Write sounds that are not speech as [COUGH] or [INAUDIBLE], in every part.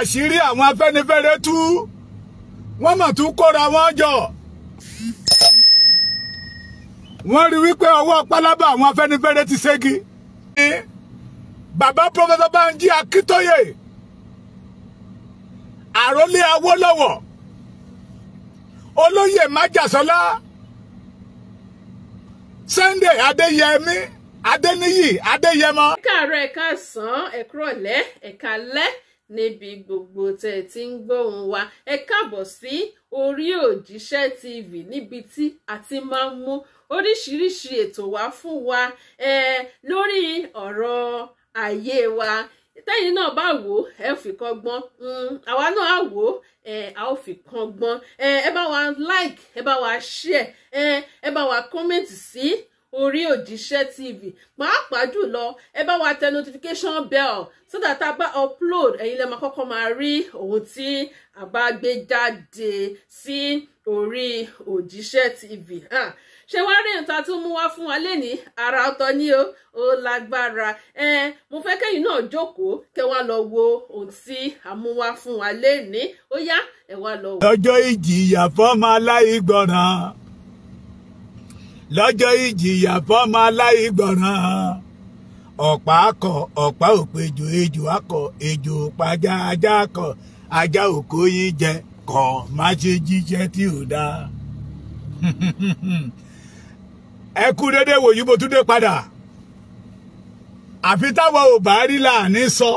àṣírí àwọn Afẹ́nifẹ́re tú wọ́n mọ̀ tún kóra wọn jọ wọ́n rí wípé ọwọ́ pálábá àwọn Afẹ́nifẹ́re ti ségi bàbá pọfẹsọ Bánjí Akíntóyè àrólé Awólọ́wọ̀ olóyè májàsọlá Sunday Adéyẹmí Adéníyì Adéyẹmọ. ẹ káàárọ̀ ẹ káàsán ẹ kúrọ̀lẹ́ ẹ níbi gbogbo tẹ́ ẹ ti ń gbóhùn wa ẹ káàbọ̀ sí orí òjíṣẹ́ tv níbi tí a ti máa ń mú oríṣiríṣi ètò wá fún wa ẹ lórí ọ̀rọ̀ ayé wa tẹ́yìn náà bá wò ó ẹ ò fi kan hmm, àwa náà á wò ó a ó fi kan ẹ bá wa like ẹ bá wa share ẹ bá wa comment sí. Si orí òjíṣẹ́ tv pàápàá jùlọ ẹ bá wa tẹ notification bell so that tá a bá upload ẹ̀yin lẹ́ẹ̀ máa kọ́kọ́ máa rí ohun tí a bá gbé jáde sí orí òjíṣẹ́ tv ṣé wá rí nǹkan tó mú wá fún wa lénìí ara ọ̀tọ̀ ni o ó lágbára ẹ mo fẹ́ kẹ́yìn náà jókòó kẹ́ wá lọ wo ohun tí a mú wá fún wa lénìí ó yá ẹ wá lọ. ọjọ́ ìjìyà fọ́mọ aláìgbọràn lọ́jọ́ ìjìyà fọ́mọ aláìgbọràn ọ̀pá akọ ọ̀pá òpejò ejò akọ ejò pàjá ajá akọ ajá òkó yín jẹ kọ̀ má ṣe jíjẹ tí ò dáa [LAUGHS] ẹ kú dédé wòyí mo tún dé padà àfi táwọn ò bá rí là ní sọ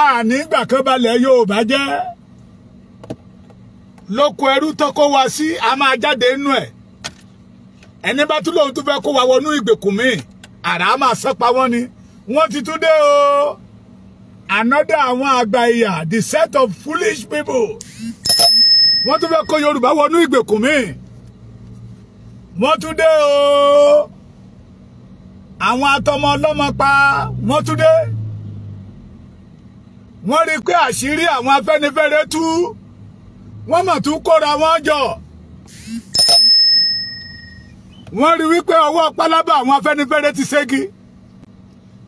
àní ìgbà kan balẹ̀ Yorùbá jẹ́ lóko ẹrú tọ́kọ́ wá sí a máa jáde nínú ẹ̀. ẹni bá tún lóun tún fẹ́ kó wa wọnú ìgbèkùn míì àrá máa sọ́pa wọ́n ni wọ́n ti tún dé o another àwọn àgbà ìyà the set of foolish people wọ́n tún fẹ́ kó Yorùbá wọnú ìgbèkùn míì wọ́n tún dé o àwọn atọmọ ọlọ́mọ pa wọ́n tún dé wọ́n rí i pé àṣírí àwọn Afẹ́nifẹ́re tú wọ́n mọ̀ tún kóra wọn jọ wọ́n rí wípé ọwọ́ pálábà àwọn afẹ́nifẹ́re ti ségi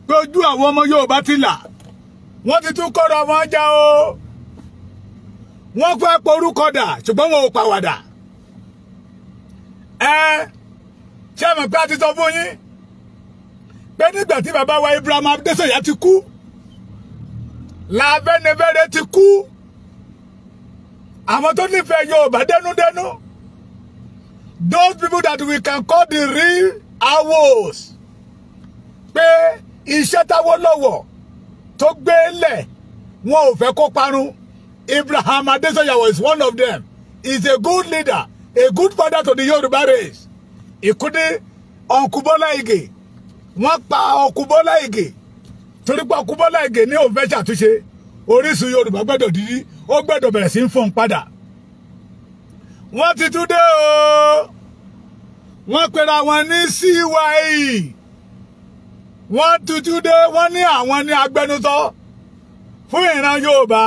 pé ojú àwọn ọmọ Yorùbá ti là wọ́n ti tún kọ́ra wọn já o wọ́n fẹ́ porúkọ dà ṣùgbọ́n wọn ò pàwàdà ẹ ṣé mọ̀ pé a ti sọ fún yín pé nígbà tí bàbá wa Ibrahim Adésànyà ti kú làbẹ́nifẹ́re ti kú àwọn tó nífẹ̀ẹ́ Yorùbá dẹnudẹnu. Dẹnu those people that we can call the real awos pé iṣẹ́ táwọn lọ́wọ́ tó gbé lẹ̀ wọn ò fẹ́ kó parun Ibrahim Adesanya was one of them he is a good leader a good father to the Yoruba race ìkúdí ọ̀nkúbọ́lá Ige wọ́n pa ọ̀nkúbọ́lá Ige torí pé ọ̀nkúbọ́lá Ige ní òun fẹ́ ṣàtúnṣe orísun Yorùbá gbẹ́dọ̀ dídí ó gbẹ́dọ̀ bẹ̀rẹ̀ sí ń fọ́n padà wọ́n ti tún dé o wọ́n pera wọn ní CYE wọ́n tuntun dé wọ́n ní àwọn ní agbẹnusọ fún ìran Yorùbá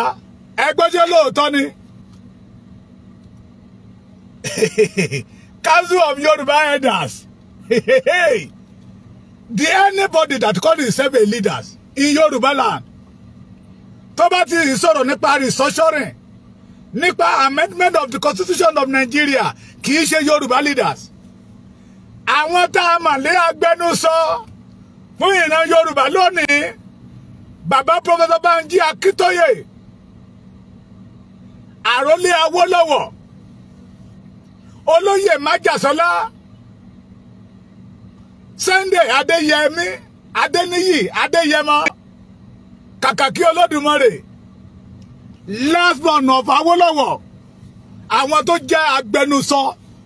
ẹgbẹ́jẹ́ lóòótọ́ ni [LAUGHS] Council of Yoruba Elders [LAUGHS] the anybody that call himself a leader in Yoruba land tó bá ti sọ̀rọ̀ nípa restructuring nípa amendment of the constitution of Nigeria kì í ṣe Yorùbá leaders àwọn tá a mà lé agbẹnusọ fún ìran Yorùbá lónìí bàbá Professor Banji Akíntóyè àrólé Awólọ́wọ̀ olóyè Májàsọ́lá Sunday Adéyẹmí Adéníyì Adéyẹmọ kàkàkí Olódùmarè. Last lásán of Awólọ́wọ̀ àwọn tó jẹ́ agbẹnusọ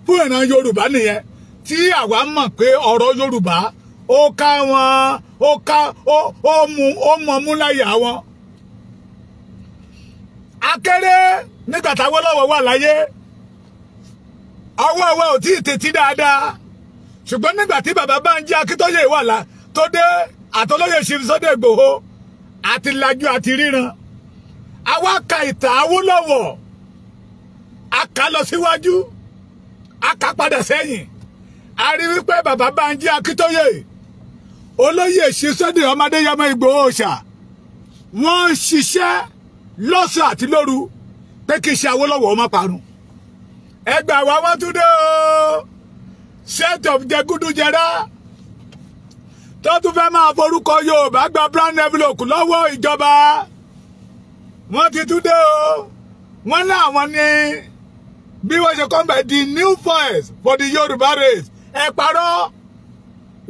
fún ìran Yorùbá nìyẹn tí àwa mọ̀ pé ọ̀rọ̀ Yorùbá ó ká wọn ó ká ó mú ó mọ múláyà wọn. akéré nígbà tí Awólọ́wọ̀ wà láyé ọwọ́ ọwọ́ ò tí ì tètí dáadáa ṣùgbọ́n nígbà tí bàbá Bánjí Akíntóyè wà lá tó dé àtọlóyè Ṣèyí Sunday Ìgbòho àti lajú àti ríran àwa ka ìtàn Awólọ́wọ̀ a kà lọ síwájú a kà padà sẹ́yìn a rí wípé bàbá Bánjí Akíntóyè olóyè Ṣíṣẹ́dì Ọmọdéyẹmọ Ìgbòho Òòṣà wọ́n ń ṣiṣẹ́ lọ́sàn àti lóru pé kí iṣẹ́ Awólọ́wọ̀ ó parun ẹgbà wa wọ́n tún dé o set of jẹgúdújẹrá tó tún fẹ́ máa forúkọ Yorùbá gba brand envelope lọ́wọ́ ìjọba wọ́n ti tún dé o wọ́n ní àwọn ní bí wọ́n ṣe kọ́ mbẹ́ the new voice for the Yorùbá race ẹ parọ́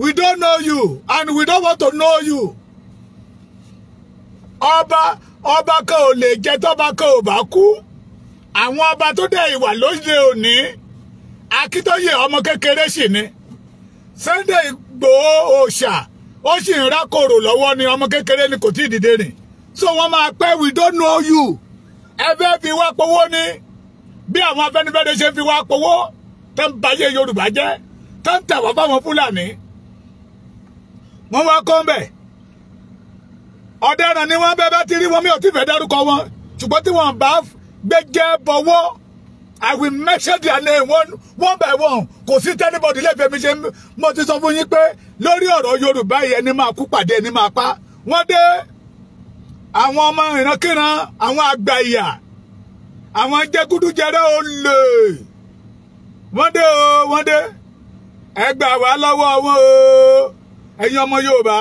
we don't know you and we don't want to know you ọba ọba kan ò lè jẹ tọba kan ò bá kú àwọn ọba tó dẹ̀ ìwà lóde òní Akíntóyè ọmọ kékeré sì ni Sunday Ìgbòho òòṣà ó sì ń rákòrò lọ́wọ́ ni ọmọ kékeré ni kò tí ì dìde rìn so wọ́n máa pẹ́ we don't know you ẹ fẹ́ fi wá powó ni bí àwọn Afẹ́nifẹ́re ṣe fi wá powó tó ń bayé Yorùbá jẹ́ tó ń tẹ̀wọ́ fáwọn Fúlàní wọ́n wá kọ́ mbẹ̀ ọ̀daràn ni wọ́n bẹ́ẹ̀ bá ti rí wọn mi ò tí fẹ́ dárúkọ wọn ṣùgbọ́n tí wọ́n bá gbẹ́jẹ́ bọ̀wọ́ I will measure their name one, one by one. Kò sí tẹ́nibọ̀dì lẹ́fẹ̀ẹ́ mi ṣe mo ti sọ fún yín pé lórí ọ̀rọ̀ Yorùbá yìí ẹni máa kú pàdé ẹni máa pa. Wọ́n dé àwọn ọmọ ìrankíran àwọn àgbàyà àwọn jẹgúdújẹrẹ olè wọ́n dé o wọ́n dé ẹ gbà wá lọ́wọ́ wọn o ẹ̀yin ọmọ Yorùbá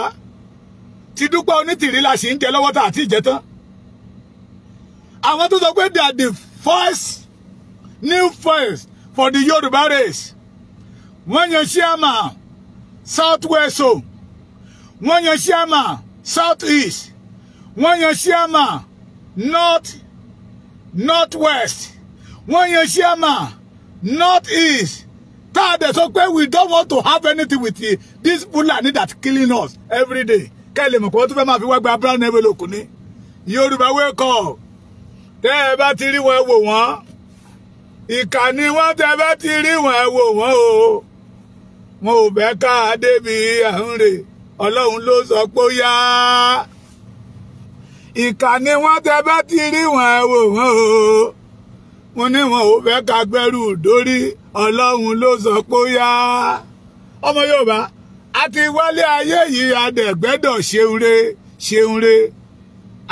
ti dúpẹ́ onítìrí la sì ń jẹ lọ́wọ́ tá àti ìjẹ tán àwọn tó sọ pé they are the first new first for the Yorùbá race wọ́n yan chairman south west o wọ́n yan chairman south east wọ́n yan chairman north north west wọ́n yan chairman north east tá a dẹ̀ sọ pé we don't want to have anything with you. this Fulani that killing us every day kẹ́lẹ̀ mọ̀ pé fẹ́ máa fi wá gba brown ẹ̀wẹ̀ lóko ní Yorùbá wake up tẹ́ ẹ bá ti rí wọn ẹ wò wọ́n ìkà ni tẹ́ ẹ bá ti rí wọn ẹ wò wọ́n o wọn ò bẹ́ ká débi àhúnrè ọlọ́run ló sọ pé ó yá ìkà ni wọ́n tẹ bá ti rí wọn ẹ wò o mo ní wọn ò fẹ́ ka gbẹ́rù dórí ọlọ́run ló sọ pé yá ọmọ yorùbá a wálé ayé yìí adẹ̀gbẹ́dọ̀ ṣeun re ṣeun re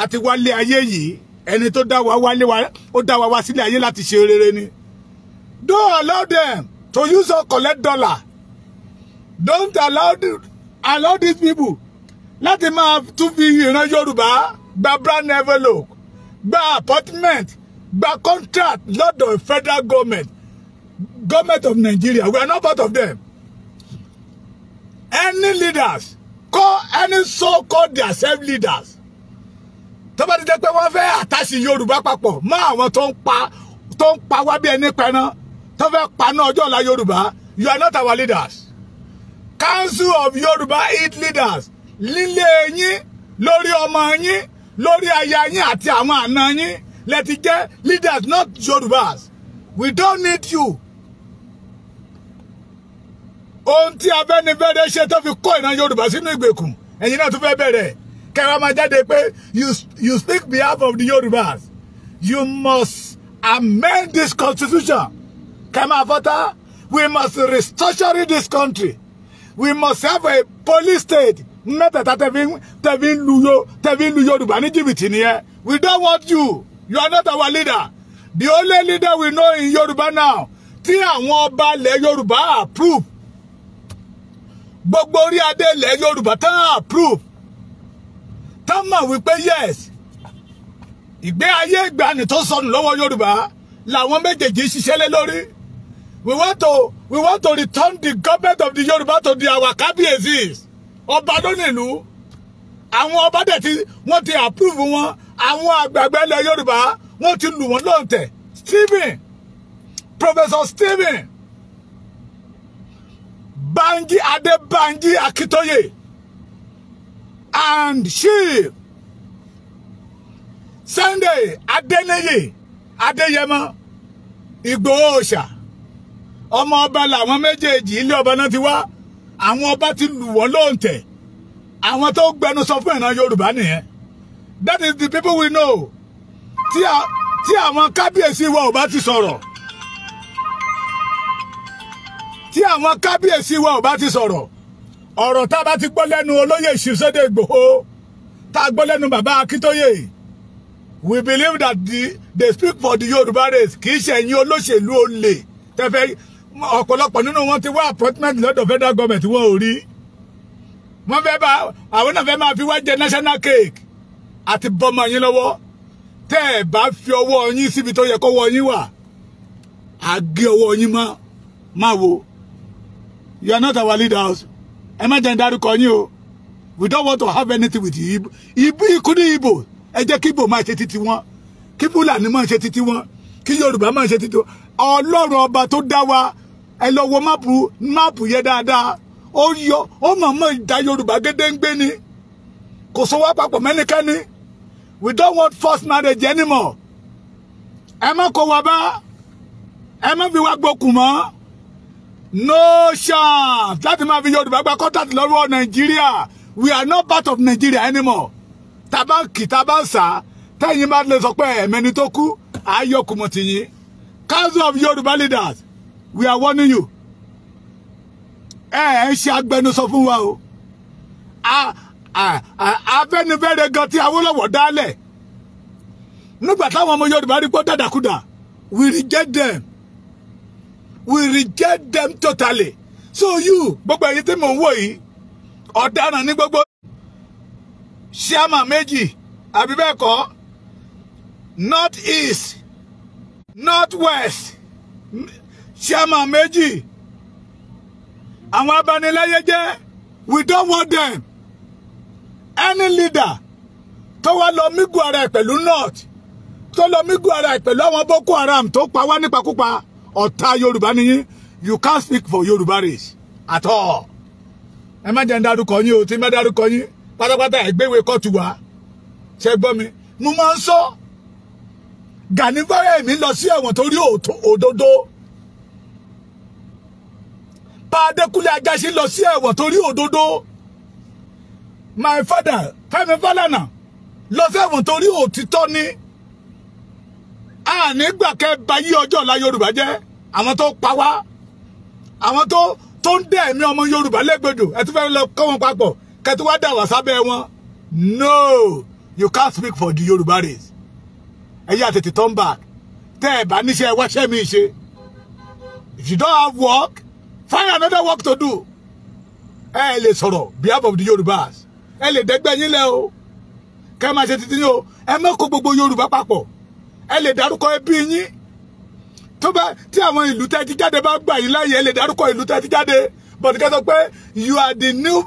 a wálé ayé yìí ẹni tó dá wa wálé wa ó dá wa wá sílé ayé láti ṣe rere ni don't allow them to use or collect dollar don't allow, allow these people láti máa tún fi ìran yorùbá gba brand envelope gba appointment gba contract lọ́dọ̀ federal government government of Nigeria we are not part of them any leaders call any so called their self leaders tó bá ti jẹ́ pé wọ́n fẹ́ àtàṣì Yorùbá papọ̀ mọ́ àwọn tó ń pa tó ń pa wá bí ẹni pẹran tó fẹ́ paná ọjọ́ ọ̀la Yorùbá you are not our leaders council of Yorùbá it leaders lílé yín lórí ọmọ yín lórí aya yín àti àwọn àna yín lẹ ti jẹ́ leaders not yorùbás we don't need you. ohun tí Abẹ́nifẹ́re ṣe tó fi kó ìran yorùbá sínú ìgbèkùn ẹ̀yin náà tún fẹ́ bẹ̀rẹ̀ kẹwàá máa jáde pé you speak behalf of the yorùbás you must amend this constitution kẹmàfọ́tà we must restructure this country we must have a police state mẹ́tẹ̀ẹ̀ta tẹ̀fí ń lu yo tẹ̀fí lu Yorùbá ní jìbìtì nìyẹn we don't want you you are not our leader the only leader we know in Yorùbá now tí àwọn ọba ilẹ̀ Yorùbá approve gbogbo orí adé ilẹ̀ Yorùbá tán approve tán mọ̀ wípé yes ìgbé ayé ìgbàanì tó sọnù lọ́wọ́ Yorùbá làwọn méjèèjì ṣiṣẹ́ lé lórí we want to we want to return the government of the Yorùbá to the our kábíyèsí ọba ló àwọn ọba dẹ̀ ti wọ́n ti approve wọn àwọn àgbààgbà ilẹ̀ Yorùbá wọ́n ti lù wọ́n lóǹtẹ̀ Stephen Professor Stephen Banji Adebanji Akitoye, and she Sunday Adeneye Adéyẹmọ Ìgbòho Òòṣà ọmọ ọba làwọn méjèèjì ilé ọba náà ti wá àwọn ọba ti lù wọ́n lóǹtẹ̀ àwọn tó gbẹnu sọ fún ìran Yorùbá nìyẹn that is the people we know tí a tí àwọn kábíyèsí wa ò bá ti sọ̀rọ̀ tí àwọn kábíyèsí wa ò bá ti sọ̀rọ̀ ọ̀rọ̀ tá a bá ti gbọ́ lẹ́nu olóyè Ìṣísódé Ìgbòho tá a gbọ́ lẹ́nu bàbá Akíntóyè we believe that the, they speak for the Yorùbá race kì í ṣe ẹ̀yin olóṣèlú olè tẹ́fẹ́ ọ̀pọ̀lọpọ̀ nínú wọn ti wá appointment lọ́dọ̀ federal government wọn ò rí wọ́n fẹ́ bá àwọn náà fẹ́ máa fi wá jẹ national cake àti bọ́mọ yín lọ́wọ́ tẹ́ ẹ̀ bá fi ọwọ́ yín síbi tó yẹ kọ́wọ́ yín wà á gé ọwọ́ yín mọ́ máa wo you are not our leaders ẹ má jẹ́ ń dárúkọ yín o we don't want to have anything with you ibo ikú ní ibo ẹ jẹ́ kí ibo máa ṣe títí wọn kí fúlàní máa ṣe títí wọn kí yorùbá máa ṣe títò ọlọ́run ọba tó dá wa ẹ lọ wo máàpù máàpù yẹ dáadáa ó yọ ó mọ̀ọ́mọ̀ ìdá yorùbá gédéǹgbé ni kò so papọ̀ mẹ́nikẹ́ni we don't want forced marriage anymore ẹ má kó wa bá ẹ má fi wá gbókùn mọ́ no chance láti máa fi yorùbá gba contact lọ́wọ́ nàìjíríà we are not part of nigeria anymore tá kì tá a tẹ́yìn bá lè sọ pé ẹ̀mẹ́ni tó kú Ayo Kumotinyi, Council of Yoruba Leaders, we are warning you. Ẹ ẹ ṣe agbẹnusọ fún wa o. Abẹ́nifẹ́re gan tí Awólọ́wọ̀ dálẹ̀. Nígbà táwọn ọmọ Yorùbá rí pọ́ dàdàkudà, we reject them. We reject them totally. So you, gbogbo èyí tí mò ń wò yìí, ọ̀daràn ní gbogbo. Ṣé àmà méjì àbí bẹ́ẹ̀ kọ́? Not northwest chairman méjì àwọn abanilẹ́yẹ jẹ́ we don't want them any leader tó wá lọ mígun ara ẹ̀ pẹ̀lú north tó lọ mígun ara ẹ̀ pẹ̀lú àwọn boko haram tó pa wá nípakúpa ọ̀tá yorùbá nìyí you can't speak for yorùbá race at all ẹ má jẹ́ ń dárúkọ yín o tí ń bá dárúkọ yín pátápátá ẹ̀ gbéwèé kọ́ọ̀tù wá ṣe gbọ́ mi mo máa ń sọ. Gani Fáyẹ̀mí lọ sí ẹ̀wọ̀n torí òdodo pa Adékúnlé Ajáṣin lọ sí ẹ̀wọ̀n torí òdodo my father Fẹ́mi Fálànà lọ sẹ́wọ̀n torí òtítọ́ ni ànígbàkẹ́ bayí ọjọ́ ọ̀la Yorùbá jẹ́ àwọn tó pa wá àwọn tó tó ń dẹ̀ ẹ̀mí ọmọ Yorùbá lẹ́gbẹ̀dò ẹ tún fẹ́ lọ kọ́ wọn papọ̀ kẹtí wá dà wá sábẹ́ wọn no you can't speak for the Yorùbá race ẹ̀yẹ́ àtètè turn back tẹ́ ẹ̀ bá níṣẹ́ wáṣẹ́ mi ṣe if you don't have work find another work to do ẹ ẹ lè sọ̀rọ̀ behalf of the Yorubas. ẹ lè dẹ́gbẹ́ yín lẹ́ o kẹ́ ẹ máa ṣe títí yín o ẹ má kó gbogbo Yorùbá papọ̀ ẹ lè dárúkọ ẹbí yín tó bá tí àwọn ìlú tẹ́ ti jáde bá gbà yín láàyè ẹ lè dárúkọ ìlú tẹ́ jáde but kẹ́ sọ pé you are the new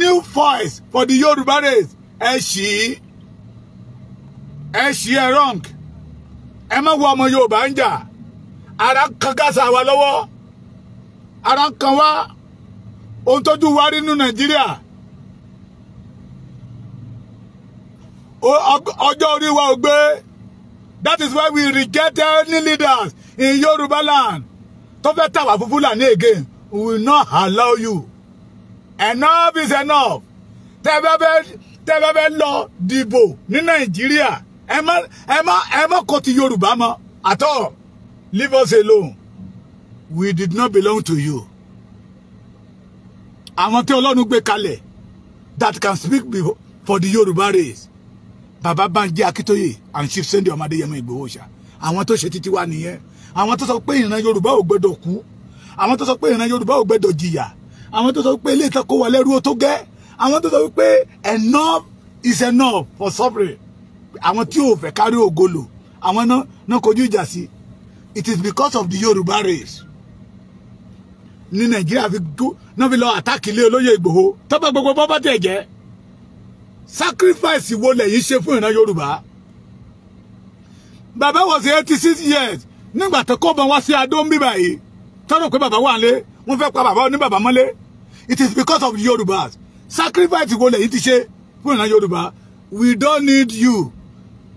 new voice for the Yorùbá race ẹ ṣì í ẹ ṣí ẹ wrong ẹ má wo ọmọ Yorùbá ń jà ara ń kan gáàsà wa lọ́wọ́ ara ń kan wá ohun tójú wa rí nínú Nàìjíríà ọjọ́ orí wa ò gbé that is why we reject any leaders in Yorùbá land tó fẹ́ tàwa fún Fúlàní again we will not allow you enough is enough tẹ́fẹ́fẹ́ tẹ́fẹ́fẹ́ lọ dìbò ní Nàìjíríà ẹ má ẹ má ẹ má kọ ti yorùbá mọ́ at all leave us alone we did not belong to you àwọn tí ọlọ́run gbé kalẹ̀ that can speak for the yorùbá race bàbá Bánjí Akíntóyè and Chief Sunday Ọmọdéyẹmọ Ìgbòho Òòṣà àwọn tó ṣe títí wa nìyẹn àwọn tó sọ pé ìran yorùbá ò gbẹdọ̀ kú àwọn tó sọ pé ìran yorùbá ò gbẹdọ̀ jìyà àwọn tó sọ pé ilé ìtàn kó wà lẹ́rú ó tó gẹ́ àwọn tó sọ pé enough is enough for suffering àwọn tí ò fẹ́ kárí ògolo àwọn náà kojú ìjà sí it is because of the Yoruba race ní Nàìjíríà fi kú náà fi lọ àtàkì ilé olóyè Ìgbòho tọ́pẹ́ gbogbo bọ́bá tẹ̀ jẹ́ sacrifice wo lẹ̀yin ṣe fún ìran Yorùbá bàbá was eighty six years nígbà tó kó bọn wá sí adó ń bí báyìí tọ́rọ pé bàbá wà lé wọ́n fẹ́ pa bàbá ní bàbá mọ́lé it is because of the Yorùbá sacrifice wo lẹ̀yin ti ṣe fún ìran Yorùbá we don't need you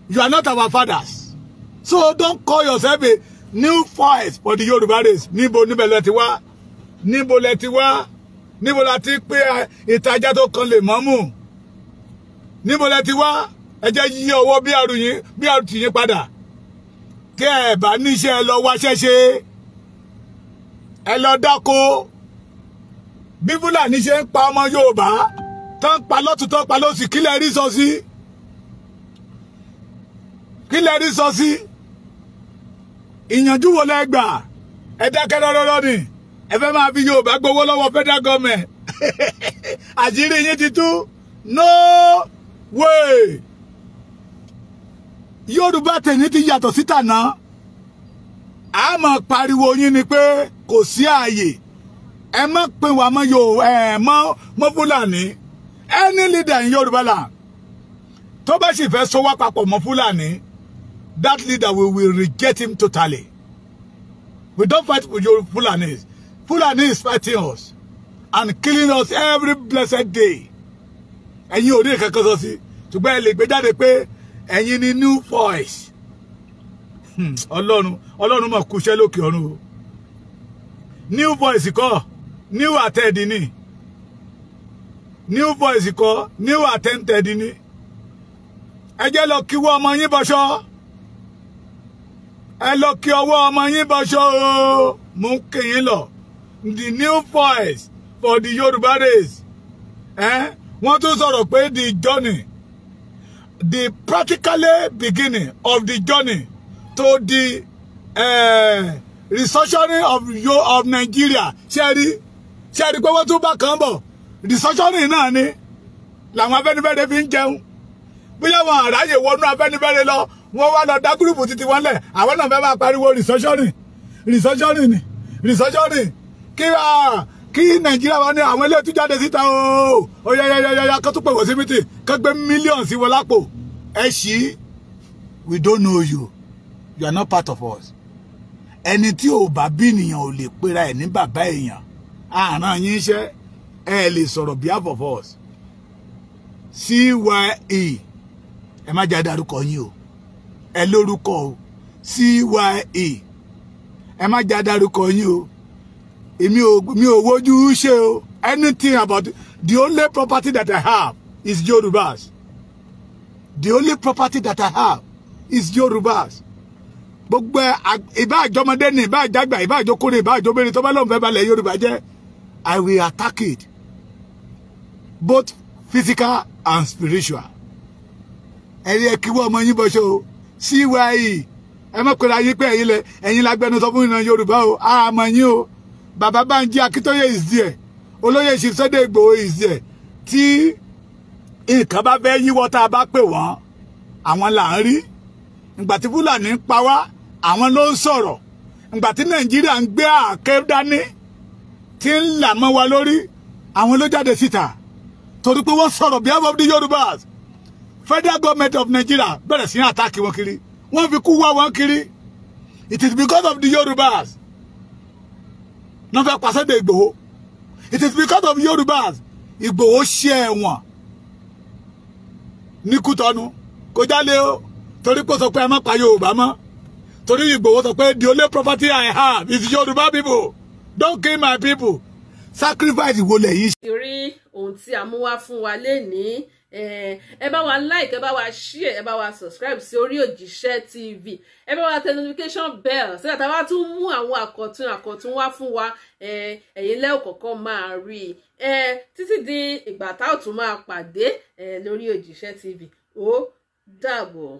You are not our fathers. So don't call yourself a new forest. for the Yoruba race. Níbo níbẹ̀ lẹ ti wá? Níbo lẹ ti wá? Níbo la ti pé ìtajà tó kan lè mọ́mù? Níbo lẹ ti wá? Ẹ jẹ́ yí ọwọ́ bí àrùn yín bí àrùn tì yín padà. Tẹ́ ẹ bá níṣẹ́ ẹ lọ wáṣẹ́ ṣe. Ẹ lọ dáko. pa ọmọ Yorùbá, tán pa lọ́tún tán pa lọ́sì kílẹ̀ rí kí lẹ rí sọ sí ìyànjú wo lẹ ẹ dákẹ́ rọ́rọ́rọ́ ni ẹ fẹ́ máa fi Yorùbá gbowó lọ́wọ́ federal government [LAUGHS] àṣírí yín ti tú no way Yorùbá tèmi ti yàtọ̀ sí tàná a máa pariwo yín ni pé kò sí ààyè ẹ má pè wá mọ́ Yorùbá ẹ mọ́ Fúlàní any leader in Yorùbá là tó bá sì fẹ́ sọ wá papọ̀ mọ́ Fúlàní that leader we will reject him totally. We don't fight with your Fulanis. Fulani fighting us and killing us every blessed day. Ẹ̀yin ò ní kankan sọ to Ṣùgbọ́n ẹ lè they pay, and you need new voice. Hmm, Ọlọ́run Ọlọ́run mọ̀ kúṣẹ́ lókè ọ̀run New voice kọ́ new attend ni. New voice kọ́ new attended ni. Ẹ jẹ́ lọ kíwọ́ ọmọ ẹ lọ kí ọwọ́ ọmọ yín bọ́ṣọ́ o mú kí yín lọ the new voice for the Yorùbá race wọ́n tún sọ̀rọ̀ pé the journey the practically beginning of the journey to the uh, eh, restructuring of, of Nigeria ṣe rí ṣe rí pé wọ́n tún bá kàn bọ̀ restructuring náà ni làwọn Afẹ́nifẹ́re fi ń jẹun bí yẹn wọn àráyè wọnú Afẹ́nifẹ́re lọ wọ́n wá lọ dá gúrùpù títí wọ́n lẹ̀ àwọn náà fẹ́ máa pariwo restructuring restructuring ni restructuring kí kí nàìjíríà wa ní àwọn ilé ìtújáde síta o oyayayaya kó tún pè wọ́n kó gbé mílíọ̀nù sí wọn lápò ẹ ṣí we don't know you you are not part of us ẹni tí ò bá bí ènìyàn ò lè pera ẹ̀ ní bàbá èèyàn àràn yín iṣẹ́ ẹ lè sọ̀rọ̀ behalf of us cye ẹ má jẹ́ àdárúkọ yín o ẹ lórúkọ o CYE ẹ má já dárúkọ yín o èmi ò mi ò wojú ṣe o anything about the only property that I have is Yorubas the only property that I have is Yorubas gbogbo ìbá àjọmọdé ni ìbá àjàgbà ìbá àjọkórè ìbá àjọbẹrin tó bá lọ́n fẹ́ balẹ̀ Yorùbá jẹ́ I will attack it both physical and spiritual ẹ̀rí ẹ̀ kí wọ́n ọmọ yín bọ́ṣọ́ o. CYE ẹ mọ̀ pẹ̀lú ayé pé ẹ̀yin lẹ ẹ̀yin lágbẹnusọ fún ìran Yorùbá o àmọ̀ yín o bàbá Bánjí Akíntóyè is there olóyè Sunday Igboho is there tí nǹkan bá fẹ́ yíwọ́ tá a bá pè wọ́n àwọn là ń rí ìgbà tí Fúlàní ń pa wá àwọn ló ń sọ̀rọ̀ ìgbà tí Nàìjíríà ń gbé àáké dání tí ń là mọ́ wa lórí àwọn ló jáde síta torí pé wọ́n sọ̀rọ̀ behalf of the federal government of Nigeria bẹ̀rẹ̀ sí ní àtàkì wọn kiri wọ́n fi kú wá wọn kiri it is because of the Yorubas náà fẹ́ pàṣẹ de Ìgbòho it is because of Yorubas Ìgbòho ṣe ẹ̀wọ̀n ní Kútọ́nù kò jálè o torí pé ó sọ pé ẹ má pa Yorùbá mọ́ torí Ìgbòho sọ pé the only property I have is Yoruba people don't kill my people sacrifice wo lẹ́yìn. ìrí ohun tí a mú wá fún wa lénìí Eh, ẹ bá wa like ẹ bá wa share ẹ bá wa subscribe sí orí òjíṣẹ́ tv ẹ bá wa tẹ notification bell sílẹ̀ tá a bá tún mú àwọn àkọ̀tun àkọ̀tun wá fún wa eh, ẹ̀yin lẹ́wọ̀ kọ̀ọ̀kan máa rí i eh, títí di ìgbà tá tún máa pàdé lórí òjíṣẹ́ tv ó dàbọ̀.